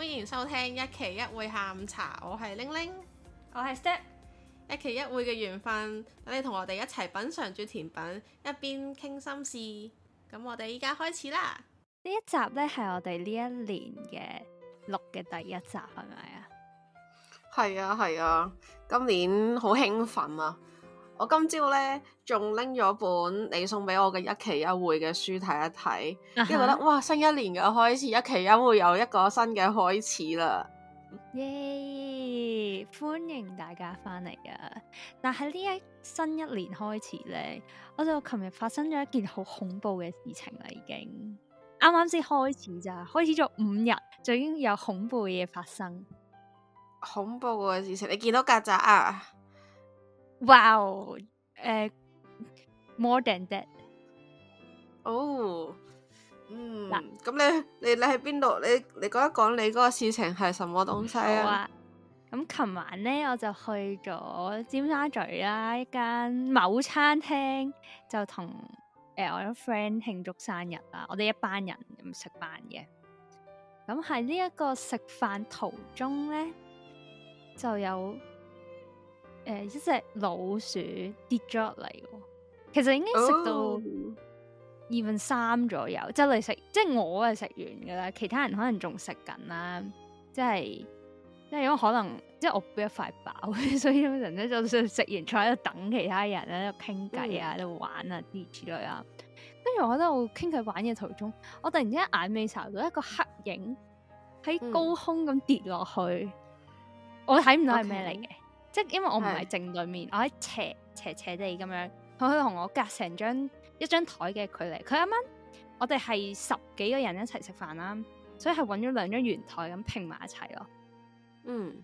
歡迎收聽一期一會下午茶，我係玲玲，我係是 Step，一期一會嘅緣分，等你同我哋一齊品嘗住甜品，一邊傾心事。咁我哋依家開始啦。呢一集呢係我哋呢一年嘅錄嘅第一集係咪啊？係啊係啊，今年好興奮啊！我今朝咧仲拎咗本你送俾我嘅一期一會嘅書睇一睇，跟住、uh huh. 覺得哇，新一年嘅開始，一期一會有一個新嘅開始啦。耶！Yeah, 歡迎大家翻嚟啊！但喺呢一新一年開始咧，我就琴日發生咗一件好恐怖嘅事情啦。已經啱啱先開始咋，開始咗五日就已經有恐怖嘅嘢發生。恐怖嘅事情，你見到曱甴啊？哇哦，誒，more than that，哦，嗯，嗱，咁你你你喺邊度？你你講一講你嗰個事情係什麼東西好啊？咁琴晚咧我就去咗尖沙咀啦，一間某餐廳就同誒我個 friend 慶祝生日啦，我哋一班人食飯嘅。咁喺呢一個食飯途中咧，就有。誒，一隻老鼠跌咗落嚟，其實已經食到二分三左右，即係你食，即係我係食完噶啦，其他人可能仲食緊啦，即係即係因為可能即係我俾一塊飽，所以咁樣就算食完坐喺度等其他人喺度傾偈啊，喺度、啊 mm. 玩啊啲之類啊，跟住我喺度傾偈玩嘅途中，我突然之間眼尾睄到一個黑影喺高空咁跌落去，mm. 我睇唔到係咩嚟嘅。Okay. 即係因為我唔係正對面，是的 我喺斜斜斜地咁樣，佢佢同我隔成張一張台嘅距離。佢啱啱我哋係十幾個人一齊食飯啦，所以係揾咗兩張圓台咁拼埋一齊咯。嗯，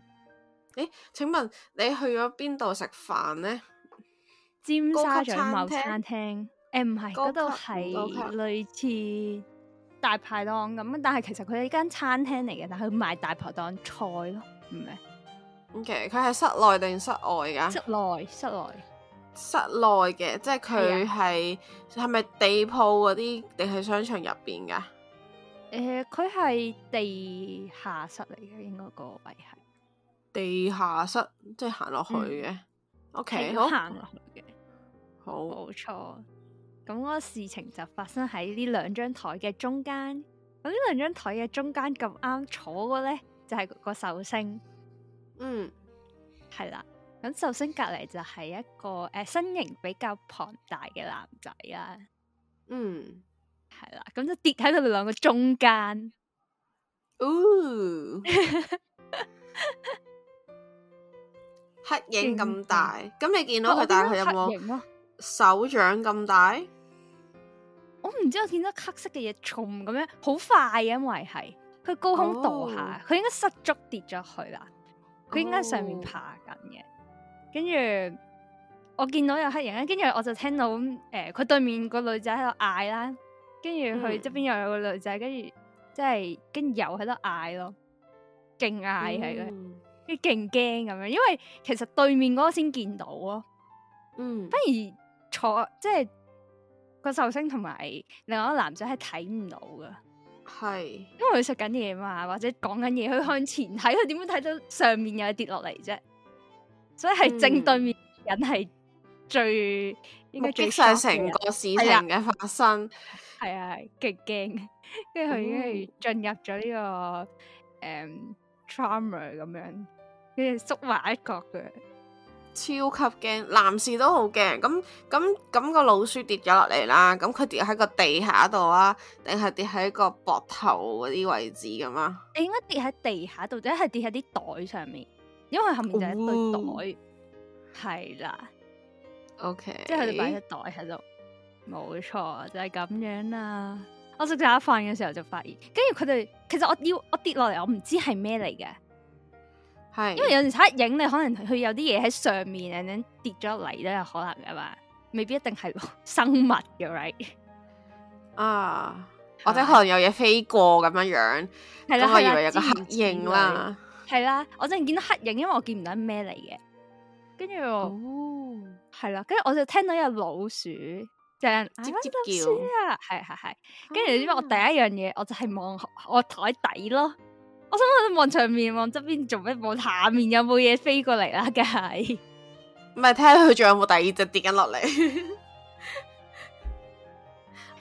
誒？請問你去咗邊度食飯咧？尖沙咀某餐廳，誒唔係嗰度係類似大排檔咁級，但係其實佢係間餐廳嚟嘅，但佢賣大排檔菜咯，唔係。嘅，佢係、okay, 室內定室外噶？室內，室內，室內嘅，即係佢係係咪地鋪嗰啲，定係商場入邊噶？誒、呃，佢係地下室嚟嘅，應該個位係地下室，即係行落去嘅。OK，好，行落去嘅，好，冇錯。咁嗰、嗰個事情就發生喺呢兩張台嘅中間。咁呢兩張台嘅中間咁啱坐嘅咧，就係、是、個壽星。嗯，係啦，咁首先隔籬就係一個誒、呃、身形比較龐大嘅男仔啦。嗯，係啦，咁就跌喺佢哋兩個中間。黑影咁大，咁、嗯、你見到佢，但係佢有冇手掌咁大？啊、我唔知，我見到黑色嘅嘢重咁樣，好快、啊，因為係佢高空墮下，佢、哦、應該失足跌咗去啦。佢應該上面爬緊嘅，跟住我見到有黑人，跟住我就聽到誒，佢、呃、對面個女仔喺度嗌啦，跟住佢側邊又有個女仔，跟住即係跟住又喺度嗌咯，勁嗌係佢，跟住勁驚咁樣，因為其實對面嗰個先見到咯。嗯，反而坐即係個壽星同埋另外一個男仔係睇唔到噶。係，因為佢食緊嘢嘛，或者講緊嘢，佢向前睇，佢點樣睇到上面有跌落嚟啫？所以係正對面人係最，應該目擊晒成個事情嘅發生。係啊係，極驚、啊，跟住佢已經係進入咗呢、這個誒 trauma 咁樣，跟住縮埋一角嘅。超級驚，男士都好驚。咁咁咁個老鼠跌咗落嚟啦，咁佢跌喺個地下度啊，定係跌喺個膊頭嗰啲位置噶、啊、嘛？你應該跌喺地下度，或者係跌喺啲袋上面，因為後面就一堆袋，係啦。OK，即係佢哋擺咗袋喺度，冇錯就係、是、咁樣啦。我食第一飯嘅時候就發現，跟住佢哋其實我要我跌落嚟，我唔知係咩嚟嘅。因為有陣時黑影，你可能佢有啲嘢喺上面，然後跌咗嚟都有可能噶嘛，未必一定係生物嘅 r i g 啊，或、right? 者、uh, Right? 可能有嘢飛過咁樣樣，咁我 以為有個黑影啦，係啦，我真係見到黑影，因為我見唔到咩嚟嘅，跟住，係啦、oh,，跟住我就聽到有老鼠，就係吱吱叫，係係係，跟住你知，我第一樣嘢我就係望我台底咯。我先喺度望上面，望側邊，做咩？望下面有冇嘢飛過嚟啦？梗係唔係睇下佢仲有冇第二隻跌緊落嚟？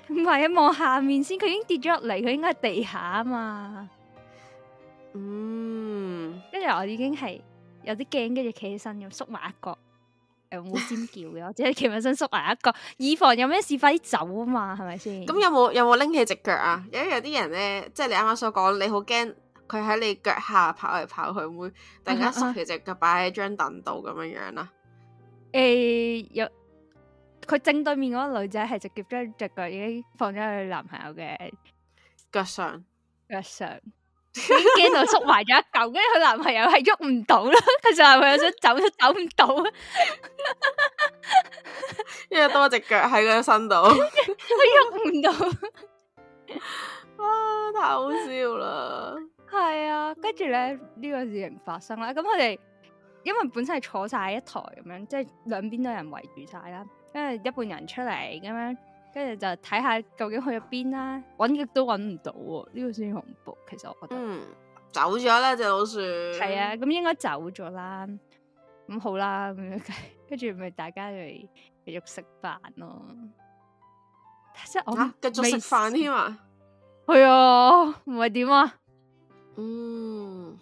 唔係啊，望下面先，佢已經跌咗落嚟，佢應該係地下啊嘛。嗯，跟住我已經係有啲驚，跟住企起身咁縮埋一角，誒冇尖叫嘅，我只係企起身縮埋一角，以防有咩事快啲走啊嘛，係咪先？咁有冇有冇拎起隻腳啊？因為有啲人咧，即係你啱啱所講，你好驚。佢喺你腳下跑嚟跑去，會突然間縮起隻腳擺喺張凳度咁樣樣啦。誒、欸，有佢正對面嗰個女仔係直接將隻腳已經放咗去男朋友嘅腳上，腳上驚到縮埋咗一嚿，跟住佢男朋友係喐唔到啦。佢男朋友想走都走唔到， 因為多一隻腳喺佢身度，佢喐唔到。 啊，太好笑啦！係啊，跟住咧呢、這個事情發生啦，咁佢哋因為本身係坐晒一台咁樣，即係兩邊都有人圍住晒啦，跟住一半人出嚟咁樣，跟住就睇下究竟去咗邊啦，揾極都揾唔到、啊，呢、這個先恐怖。其實我覺得、嗯，走咗啦隻老鼠，係啊，咁、嗯、應該走咗啦，咁、嗯、好啦，咁樣跟住咪大家嚟繼續食飯咯。即係我繼續食飯添啊，係沒啊，唔係點啊？嗯，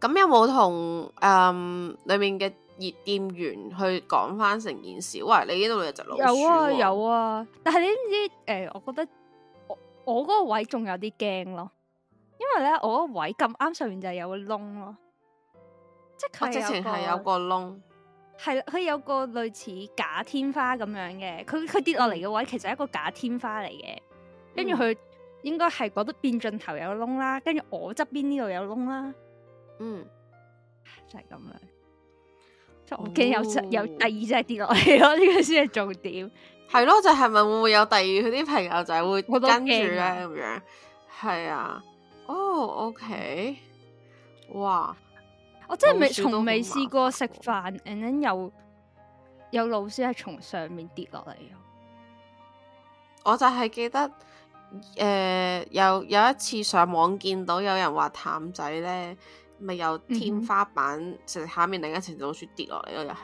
咁有冇同誒裏面嘅熱店員去講翻成件事？喂、呃，你呢度有隻老鼠、哦、有啊，有啊。但係你知唔知？誒、呃，我覺得我嗰個位仲有啲驚咯，因為咧我個位咁啱上面就有個窿咯，即係我之前係有個窿，係佢有個類似假天花咁樣嘅，佢佢跌落嚟嘅位其實係一個假天花嚟嘅，跟住佢。嗯應該係覺得變盡頭有窿啦，跟住我側邊呢度有窿啦，嗯， 就係咁啦。就係我見有、哦、有,有第二隻跌落嚟，我呢個先係重點。係咯，就係、是、咪會唔會有第二啲朋友仔係會跟住咧咁樣？係啊，哦，OK，哇，我真係未從未試過食飯，哦、然後有,有老師係從上面跌落嚟。我就係記得。誒，uh, 有有一次上網見到有人話淡仔咧，咪有天花板，食、mm hmm. 下面另一層老鼠跌落嚟咯，又係，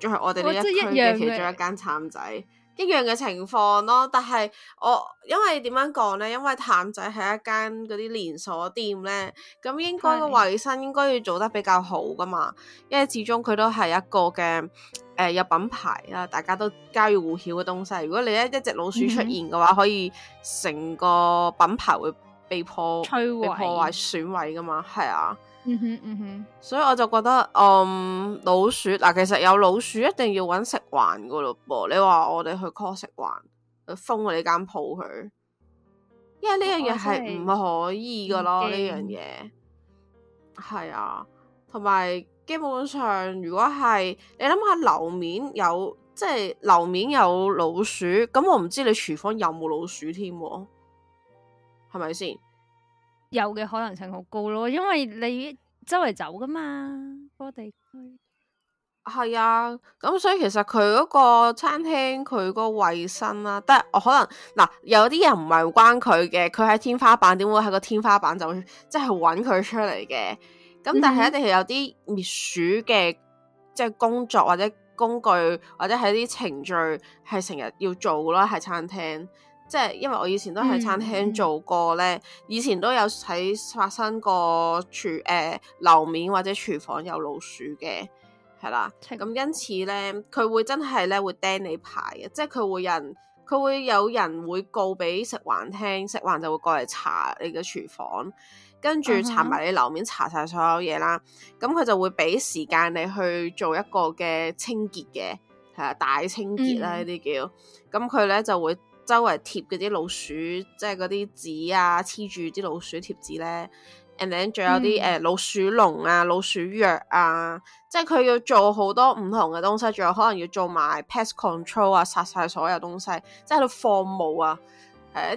仲係我哋呢一區嘅其中一間淡仔。一樣嘅情況咯，但係我因為點樣講呢？因為譚仔係一間嗰啲連鎖店呢，咁應該個衛生應該要做得比較好噶嘛。因為始終佢都係一個嘅誒、呃、有品牌啊，大家都家喻戶曉嘅東西。如果你一一隻老鼠出現嘅話，嗯、哼可以成個品牌會被破摧毀毀、破壞、損毀噶嘛？係啊。嗯哼嗯哼， 所以我就覺得，嗯，老鼠嗱，其實有老鼠一定要搵食環噶咯噃。你話我哋去 call 食環，封我哋間鋪佢，因為呢樣嘢係唔可以噶咯，呢樣嘢係啊。同埋基本上，如果係你諗下樓面有，即係樓面有老鼠，咁我唔知你廚房有冇老鼠添，係咪先？有嘅可能性好高咯，因為你周圍走噶嘛，波地區。係啊，咁所以其實佢嗰個餐廳佢嗰個衛生啦、啊，得我可能嗱，有啲人唔係關佢嘅，佢喺天花板，點會喺個天花板就會即係搵佢出嚟嘅？咁但係一定係有啲滅鼠嘅即係工作或者工具或者係啲程序係成日要做啦，喺餐廳。即係因為我以前都喺餐廳做過咧，嗯嗯、以前都有喺發生過廚誒樓面或者廚房有老鼠嘅，係啦。咁、嗯、因此咧，佢會真係咧會釘你牌嘅，即係佢會人佢會有人會告俾食環廳，食環就會過嚟查你嘅廚房，跟住查埋你樓面，查晒、嗯、哼所有嘢啦。咁佢就會俾時間你去做一個嘅清潔嘅，係啊大清潔啦呢啲、嗯、叫。咁佢咧就會。周圍貼嗰啲老鼠，即係嗰啲紙啊，黐住啲老鼠貼紙咧。And then 仲有啲誒、嗯呃、老鼠籠啊、老鼠藥啊，即係佢要做好多唔同嘅東西，仲有可能要做埋 pest control 啊，殺晒所有東西，即係度放霧啊。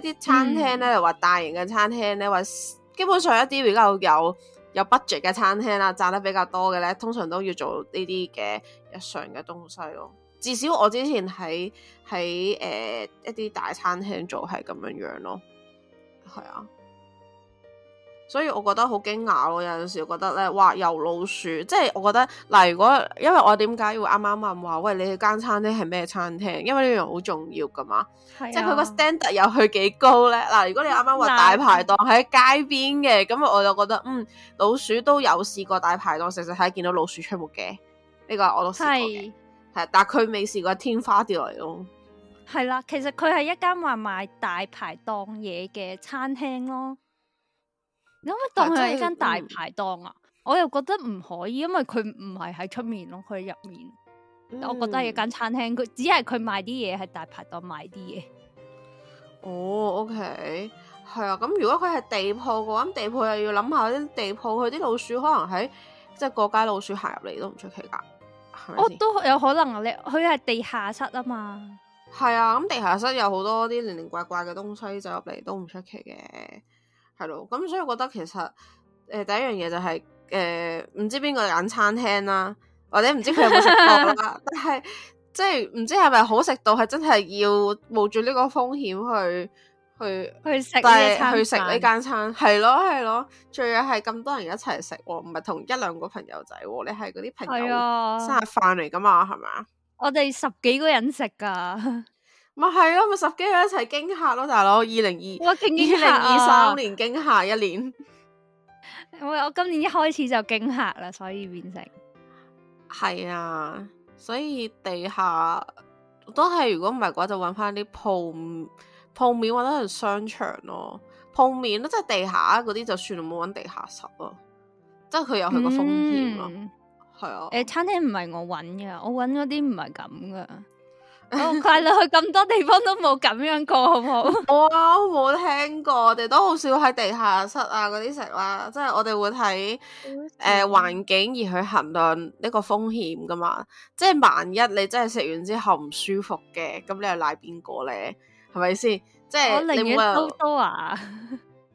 誒一啲餐廳咧，又話、嗯、大型嘅餐廳咧，話基本上一啲比較有有 budget 嘅餐廳啦、啊，賺得比較多嘅咧，通常都要做呢啲嘅日常嘅東西咯。至少我之前喺喺誒一啲大餐廳做係咁樣樣咯，係啊，所以我覺得好驚訝咯。有陣時覺得咧，哇，有老鼠，即係我覺得嗱、呃，如果因為我點解要啱啱問話？喂，你間餐廳係咩餐廳？因為呢樣好重要噶嘛，啊、即係佢個 standard 又去幾高咧。嗱、呃，如果你啱啱話大排檔喺、啊、街邊嘅，咁我就覺得嗯，老鼠都有試過大排檔，成日睇見到老鼠出沒嘅，呢、這個我都試係，但佢未試過天花掉嚟咯。係啦，其實佢係一間話賣大排檔嘢嘅餐廳咯。你可唔可以當佢係一間大排檔啊？嗯、我又覺得唔可以，因為佢唔係喺出面咯，佢入面。嗯、我覺得係一間餐廳，佢只係佢賣啲嘢係大排檔賣啲嘢。哦，OK，係啊。咁如果佢係地鋪嘅話，咁地鋪又要諗下啲地鋪，佢啲老鼠可能喺即係過街老鼠行入嚟都唔出奇噶。我、哦、都有可能啊，你佢係地下室啊嘛。係啊，咁地下室有好多啲零零怪怪嘅東西就入嚟都唔出奇嘅，係咯，咁所以我覺得其實誒、呃、第一樣嘢就係誒唔知邊個揀餐廳啦，或者唔知佢有冇食過啦， 但係即係唔知係咪好食到，係真係要冒住呢個風險去。去去食，去食呢間餐係咯係咯，仲 有係咁多人一齊食，唔係同一兩個朋友仔，你係嗰啲朋友生日飯嚟噶嘛係咪啊是是？我哋十幾個人食噶，咪係咯咪十幾個人一齊驚吓咯大佬，二零二哇二零二三年驚吓一年，我 我今年一開始就驚吓啦，所以變成係啊，所以地下都係如果唔係嘅話，就揾翻啲鋪。鋪面或者係商場咯，鋪面咯，即係地下嗰啲就算，冇揾地下室咯，即係佢有佢個風險咯，係、嗯、啊。誒、呃，餐廳唔係我揾嘅，我揾嗰啲唔係咁噶，我唔係你去咁多地方都冇咁樣過，好唔好？我冇、 啊、聽過，我哋都好少喺地下室啊嗰啲食啦，即係我哋會睇誒環境而去衡量呢個風險噶嘛，即係萬一你真係食完之後唔舒服嘅，咁你又賴邊個咧？係咪先？即係我寧願。係多啊，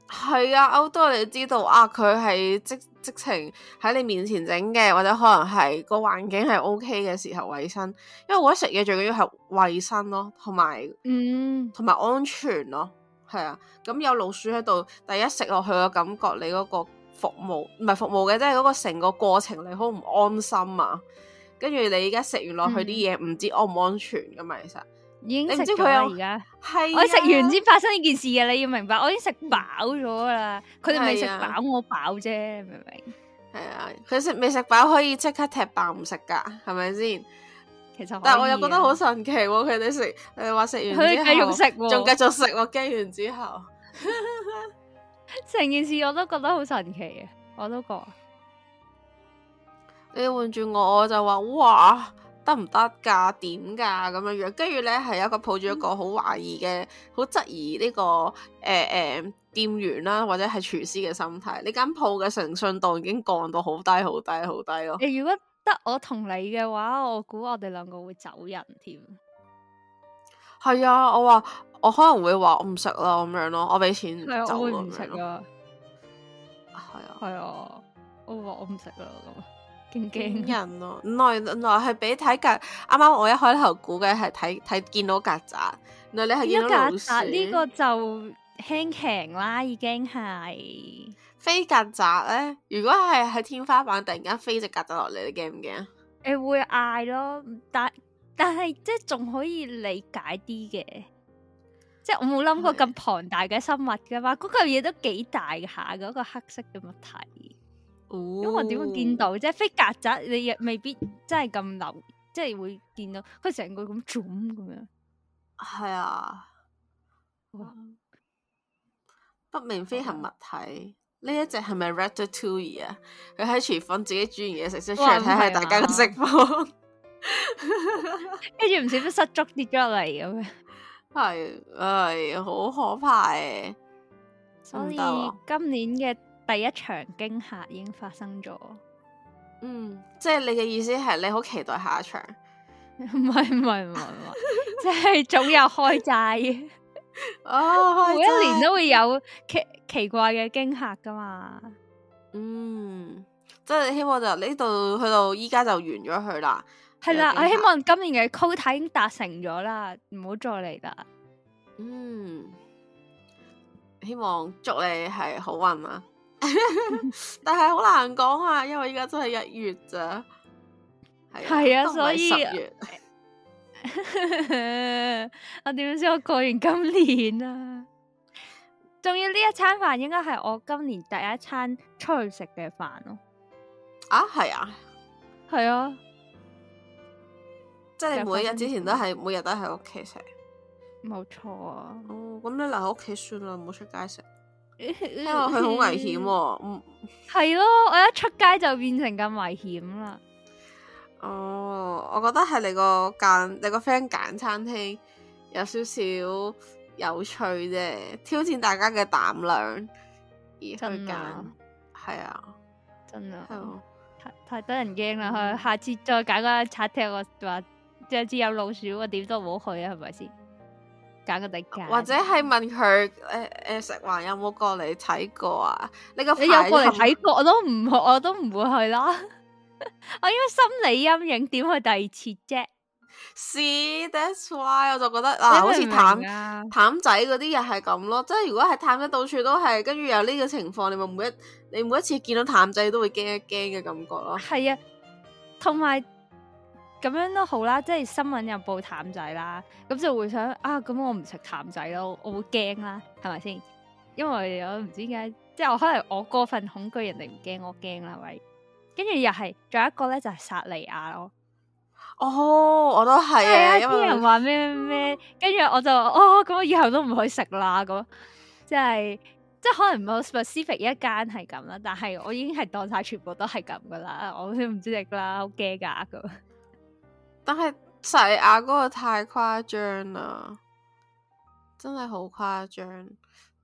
歐 多，你知道啊？佢係即直情喺你面前整嘅，或者可能係個環境係 OK 嘅時候，衛生。因為我覺得食嘢最緊要係衛生咯，同埋嗯，同埋安全咯。係啊，咁有老鼠喺度，第一食落去嘅感覺，你嗰個服務唔係服務嘅，即係嗰個成個過程，你好唔安心啊！跟住你而家食完落去啲嘢，唔知安唔安全㗎嘛？其實、嗯。嗯已經食咗佢啦，而家在是、啊、我食完先發生呢件事嘅、啊，你要明白，我已經食飽咗啦。佢哋未食飽，是啊、我飽啫，明唔明？係啊，佢食未食飽可以即刻踢爆唔食噶，係咪先？其實，但係我又覺得好神奇、啊，佢哋食佢哋話食完佢哋佢繼續食，仲繼續食咯，驚完之後，成、啊啊、 件事我都覺得好神奇啊！我都覺，你換住我，我就話哇。嘩得唔得噶？點噶？咁樣樣，跟住咧係一個抱住一個好懷疑嘅、好質、嗯、疑呢、這個誒誒、欸欸、店員啦，或者係廚師嘅心態。呢間鋪嘅誠信度已經降到好低、好低、好低咯。如果得我同你嘅話，我估我哋兩個會走人添。係 啊，我話我可能會話我唔食啦，咁樣咯。我俾錢 走唔食咯。係啊，係、哎 哎、啊，我話我唔食啦咁。勁驚人咯、啊！內內係俾睇曱，啱啱我一開頭估嘅係睇睇見到曱甴，原來你係見到曱甴。呢個就輕強啦，已經係飛曱甴咧。如果係喺天花板突然間飛隻曱甴落嚟，你驚唔驚？誒、欸，會嗌咯，但但係即係仲可以理解啲嘅，即係我冇諗過咁龐大嘅生物噶嘛。嗰嚿嘢都幾大下，嗰、嗰個黑色嘅物體。因我點會見到啫，飛曱甴你亦未必真係咁流，即係會見到佢成個咁腫咁樣，樣。係啊，不明、哦、飛行物體呢一隻係咪 Ratatouille 啊？佢喺廚房自己煮完嘢食，即係出嚟睇下大家嘅食否。跟住唔少都失足跌咗落嚟咁樣。係，唉、哎，好可怕誒！所以今年嘅。第一場驚嚇已經發生咗，嗯，即係你嘅意思係你好期待下一場，唔係唔係唔係唔係即係總有開齋， 哦， 每一年都會有奇奇怪嘅驚嚇噶嘛，嗯，即係希望就呢度去到依家就完咗佢啦，係啦，我希望今年嘅 quota 已經達成咗啦，唔好再嚟啦，嗯，希望祝你係好運啊！ 但係好難講啊，因為依家真係一月咋，係啊，所以唔係十月。啊、 我點知我過完今年啊，仲要呢一餐飯應該係我今年第一餐出去食嘅飯咯。啊，係啊，係啊，即係、啊、每日之前都係 每日都喺屋企食，冇錯啊。哦，咁你留喺屋企算啦，唔好出街食。因為佢好危險喎、哦，係咯， 我一出街就變成咁危險啦。哦，uh, 我覺得係你個揀，你個 friend 揀餐廳有少少有趣啫，挑戰大家嘅膽量而去揀，係啊，的真啊， 太太得人驚啦！佢 下次再揀個餐廳，我話下次有老鼠，我點都唔好去啊，係咪先？揀個或者係問佢誒誒食環有冇過嚟睇過啊？你個，你有過嚟睇過我都唔，我都唔會去啦。 我因為心理陰影，點去第二次啫。See that's why 我就覺得啊，啊好似淡淡仔嗰啲又係咁咯。即係如果係淡得到處都係，跟住有呢個情況，你咪每一，你每一次見到淡仔都會驚一驚嘅感覺咯。係 啊，同埋。咁樣都好啦，即係新聞又報譚仔啦，咁就會想啊，咁我唔食譚仔咯，我會驚啦，係咪先？因為我唔知點解，即係我可能我過分恐懼，人哋唔驚，我驚啦，係咪？跟住又係，仲有一個咧就係薩莉亞咯。哦，我都係啊，啲人話咩咩咩，跟住我就哦，咁我以後都唔可以食啦，咁即係即係可能唔係 specific 一間係咁啦，但係我已經係當晒全部都係咁噶啦，我都唔知點啦，好驚噶咁。但係細亞嗰個太誇張啦，真係好誇張，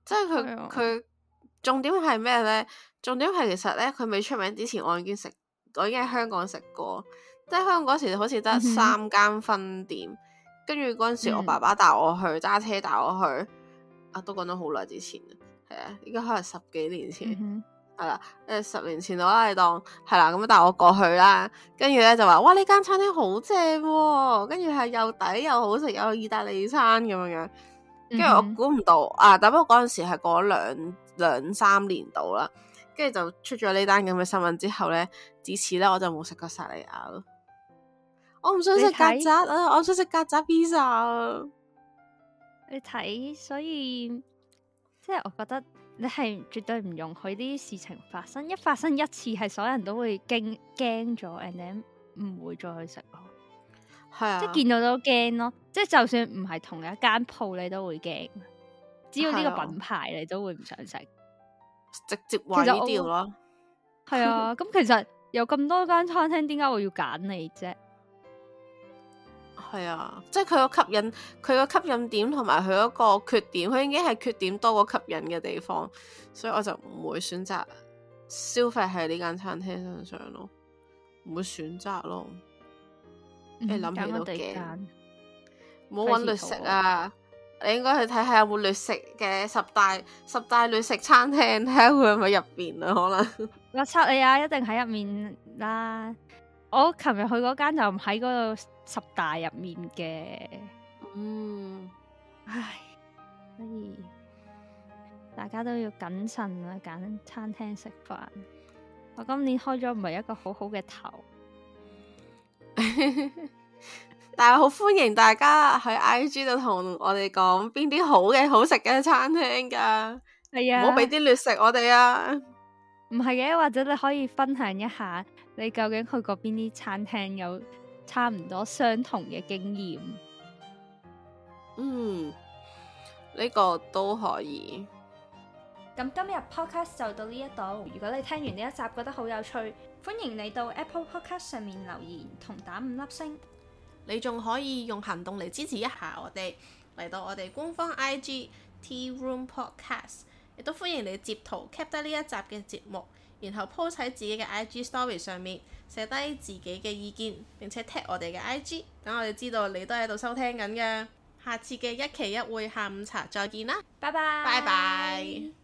即係佢佢重點係咩呢？重點係其實呢，佢未出名之前我，我已經食，我已經喺香港食過，即係香港嗰時好似得三間分店，跟住嗰陣時我爸爸帶我去，揸、嗯、車帶我去，啊都講咗好耐之前啦，係啊，依家可能十幾年前。嗯係，啦，誒十年前我你當係啦，咁帶我過去啦，跟住咧就話哇呢間 餐廳好正，哦，跟住係又抵又好食，又意大利餐咁樣樣，跟住我估唔到啊！但不過我嗰陣時係過咗兩兩三年度啦，跟住就出咗呢單咁嘅新聞之後咧，自此咧我就冇食過薩利亞咯。我唔想食曱甴啊！看我想食曱甴披薩。你睇，所以即係我覺得。你係絕對唔容許啲事情發生，一發生一次係所有人都會驚驚咗，and then 唔會再去食咯。係啊，即係見到都驚咯，即係就算唔係同一間鋪，你都會驚。只要呢個品牌，啊、你都會唔想食，直接話掉呢條咯。係啊，咁、 嗯、其實有咁多間餐廳，點解我要揀你啫？係啊，即係佢個吸引佢個吸引點，同埋佢個缺點，佢已經係缺點多過吸引嘅地方，所以我就唔會選擇消費喺呢間餐廳身上咯，唔會選擇咯。你諗起都驚，唔好搵劣食啊！你應該去睇下有冇劣食嘅，十大十大劣食餐廳，睇下佢喺唔喺入邊啊？可能我測你啊，一定喺入面啦。我琴日去嗰間就唔喺嗰度。十大入面嘅，嗯，唉，所以大家都要謹慎啊！揀餐廳食飯，我今年開咗唔係一個好好嘅頭，但係好歡迎大家喺 IG 度同我哋講邊啲好嘅、好食嘅餐廳噶。係啊、哎呀，唔好俾啲劣食我哋啊！唔係嘅，或者你可以分享一下你究竟去過邊啲餐廳有差唔多相同嘅經驗，嗯，呢、這個都可以。咁今日 podcast 就到呢一度。如果你聽完呢一集覺得好有趣，歡迎你到 Apple Podcast 上面留言同打五粒星。你仲可以用行動嚟支持一下我哋，嚟到我哋官方 IG Tea Room Podcast，亦都歡迎你截圖 keep 低呢一集嘅節目，然後 po 喺自己嘅 IG Story 上面。寫低自己嘅意見，並且 tag 我哋嘅 IG，等我哋知道你都喺度收聽緊嘅。下次嘅一期一會下午茶，再見啦，拜拜。拜拜。